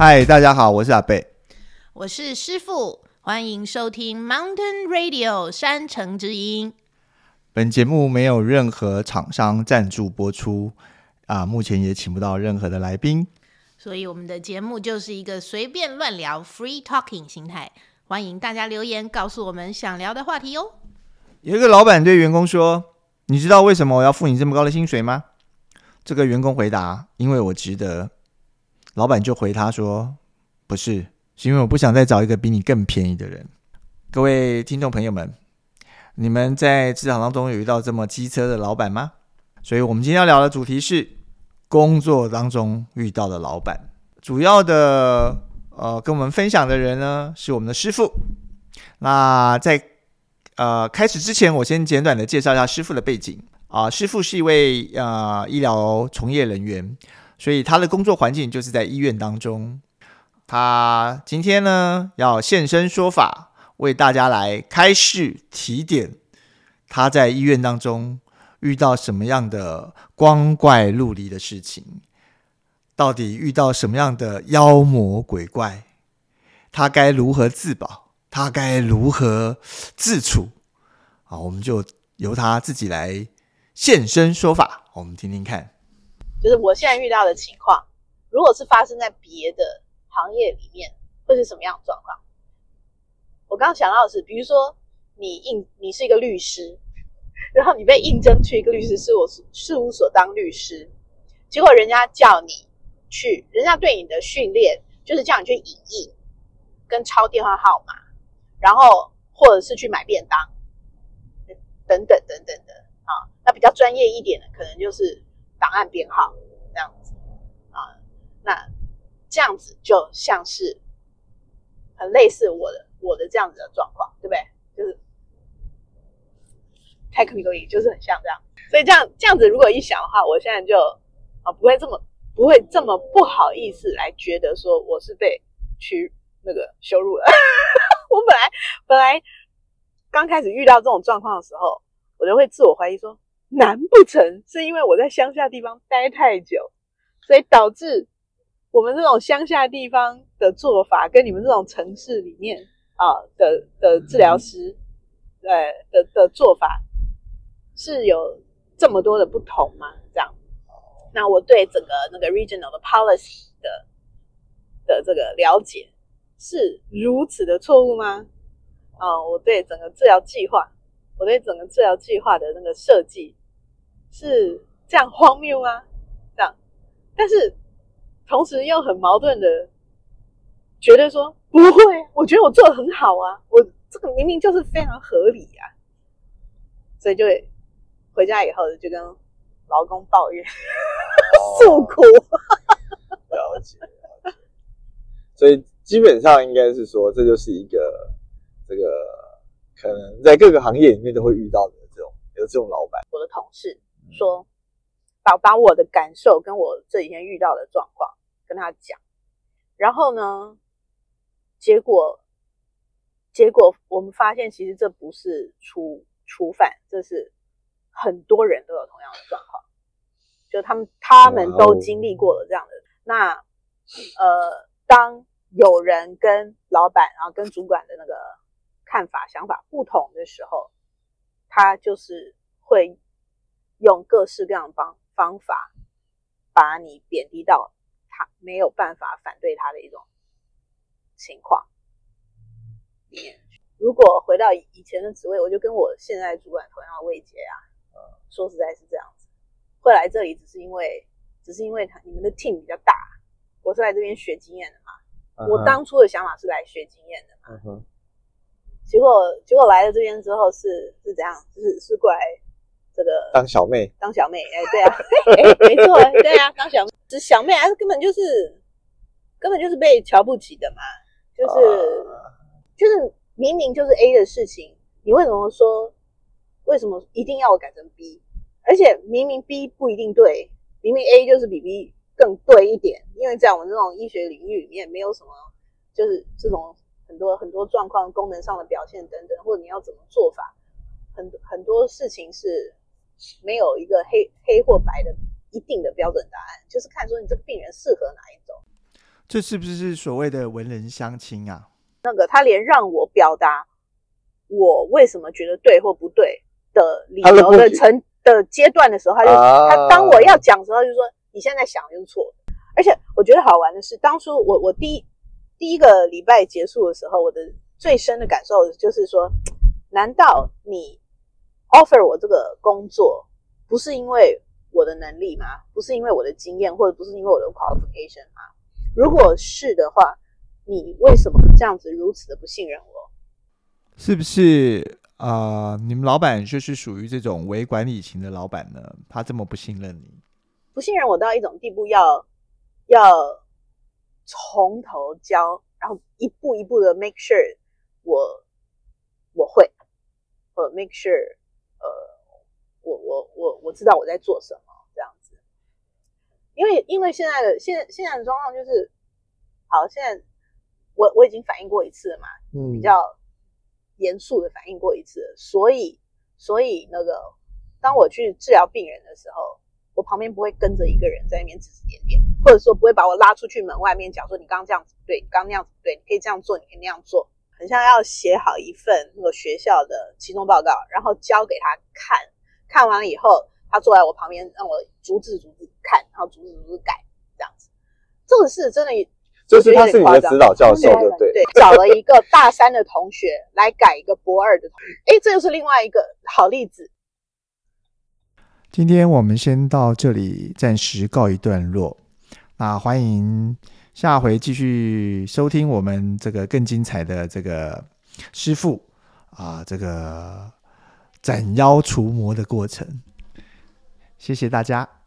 嗨，大家好，我是阿貝，我是師傅，歡迎收聽 Mountain Radio 山城之音。本節目沒有任何廠商贊助播出啊，目前也請不到任何的來賓，所以我們的節目就是一個隨便亂聊 free talking 形態，歡迎大家留言告訴我們想聊的話題哦。有一個老闆對員工說：“你知道為什麼我要付你這麼高的薪水嗎？”這個員工回答：“因為我值得。”老闆就回他說：“不是，是因為我不想再找一個比你更便宜的人。”各位聽眾朋友們，你們在職場當中有遇到這麼機車的老闆嗎？所以，我們今天要聊的主題是工作當中遇到的老闆。主要的呃，跟我們分享的人呢，是我們的師傅。那在呃開始之前，我先簡短的介紹一下師傅的背景啊，呃。師傅是一位，呃，醫療從業人員。所以他的工作環境就是在醫院當中。他今天呢要現身說法，為大家來開示提點。他在醫院當中遇到什麼樣的光怪陸離的事情，到底遇到什麼樣的妖魔鬼怪，他該如何自保，他該如何自處？好，我們就由他自己來現身說法，我們聽聽看。就是我現在遇到的情況，如果是發生在別的行業裡面，會是什麼樣的狀況？我剛剛想到的是，比如說你應你是一個律師，然後你被應徵去一個律師事務事務所當律師，結果人家叫你去，人家對你的訓練就是叫你去影印，跟抄電話號碼，然後或者是去買便當，等等等等的啊。那比較專業一點的，可能就是。檔案編號這樣子啊，那這樣子就像是很類似我的我的這樣子的狀況，對不對？就是太可以多疑，就是很像這樣。所以這樣這樣子，如果一想的話，我現在就啊不會這麼不會這麼不好意思來覺得說我是被去那個羞辱了。 我本來本來剛開始遇到這種狀況的時候，我就會自我懷疑說。難不成是因為我在鄉下地方待太久，所以導致我們這種鄉下地方的做法跟你們這種城市裡面啊的的治療師，呃、嗯、的的，的做法是有這麼多的不同嗎？這樣，那我對整個那個 regional 的 policy 的的這個了解是如此的錯誤嗎？啊，我對整個治療計劃，我對整個治療計劃的那個設計。是這樣荒謬嗎、啊？這樣，但是同時又很矛盾的覺得說不會，我覺得我做得很好啊，我這個明明就是非常合理呀、啊，所以就會回家以後就跟老公抱怨、哦、 訴苦，了解，了解，所以基本上應該是說，這就是一個這個可能在各個行業裡面都會遇到的這種有這種老闆，我的同事。說，把把我的感受跟我這幾天遇到的狀況跟他講，然後呢，結果，結果我們發現，其實這不是初初犯，這是很多人都有同樣的狀況，就他們他們都經歷過了這樣的。Wow. 那，呃，當有人跟老板，然後跟主管的那個看法、想法不同的時候，他就是會。用各式各樣的方方法，把你貶低到他沒有辦法反對他的一種情況。如果回到以前的職位，我就跟我現在主管同樣的位階啊。說實在是這樣子，會來這裡只是因為，只是因為他你們的 team 比較大，我是來這邊學經驗的嘛。我當初的想法是來學經驗的嘛。結果結果來了這邊之後是是怎樣？就是是過來。這個當小妹，當小妹，哎、欸，對啊，嘿欸、沒錯，對啊，當小妹，只小妹、啊，哎，根本就是根本就是被瞧不起的嘛，就是、uh... 就是明明就是 A 的事情，你為什麼說為什麼一定要我改成 B？而且明明 B 不一定對，明明 A 就是比 B 更對一點，因為在我們這種醫學領域裡面，你也沒有什麼就是這種很多很多狀況、功能上的表現等等，或者你要怎麼做法，很很多事情是。沒有一個黑黑或白的一定的標準答案，就是看說你這個病人適合哪一種。這是不是所謂的文人相輕啊？那個他連讓我表達我為什麼覺得對或不對的理由的成、啊、的階段的時候，他就是啊、他當我要講的時候就是，就說你現在想就是錯的。而且我覺得好玩的是，當初我我第一第一個禮拜結束的時候，我的最深的感受就是說，難道你？offer 我這個工作，不是因為我的能力嗎？不是因為我的經驗，或者不是因為我的 qualification 嗎？如果是的話，你為什麼這樣子如此的不信任我？是不是啊、呃？你們老闆就是屬於這種微管理型的老闆呢？他這麼不信任你，不信任我到一種地步要，要要從頭教，然後一步一步的 make sure 我我會，和 make sure。我我知道我在做什麼，這樣子，因為因為現在的現在現在的狀況就是，好，現在我我已經反應過一次了嘛，嗯，比較嚴肅的反應過一次，所以所以那個當我去治療病人的時候，我旁邊不會跟着一個人在那邊指指點點，或者說不會把我拉出去門外面講說，你剛剛這樣子對，你剛剛那樣子對，你可以這樣做，你可以那樣做，很像要寫好一份那個學校的期中報告，然後交給他看。看完以後，他坐在我旁邊，讓我逐字逐字看，然後逐字逐字改，這樣子。這個是真的就是他是你的指導教授，嗯、對對對，找了一個大三的同學來改一個博二的同學，同 哎，這就是另外一個好例子。今天我們先到這裡，暫時告一段落。那歡迎下回繼續收聽我們這個更精彩的這個師傅啊、呃，這個。斬妖除魔的過程。謝謝大家。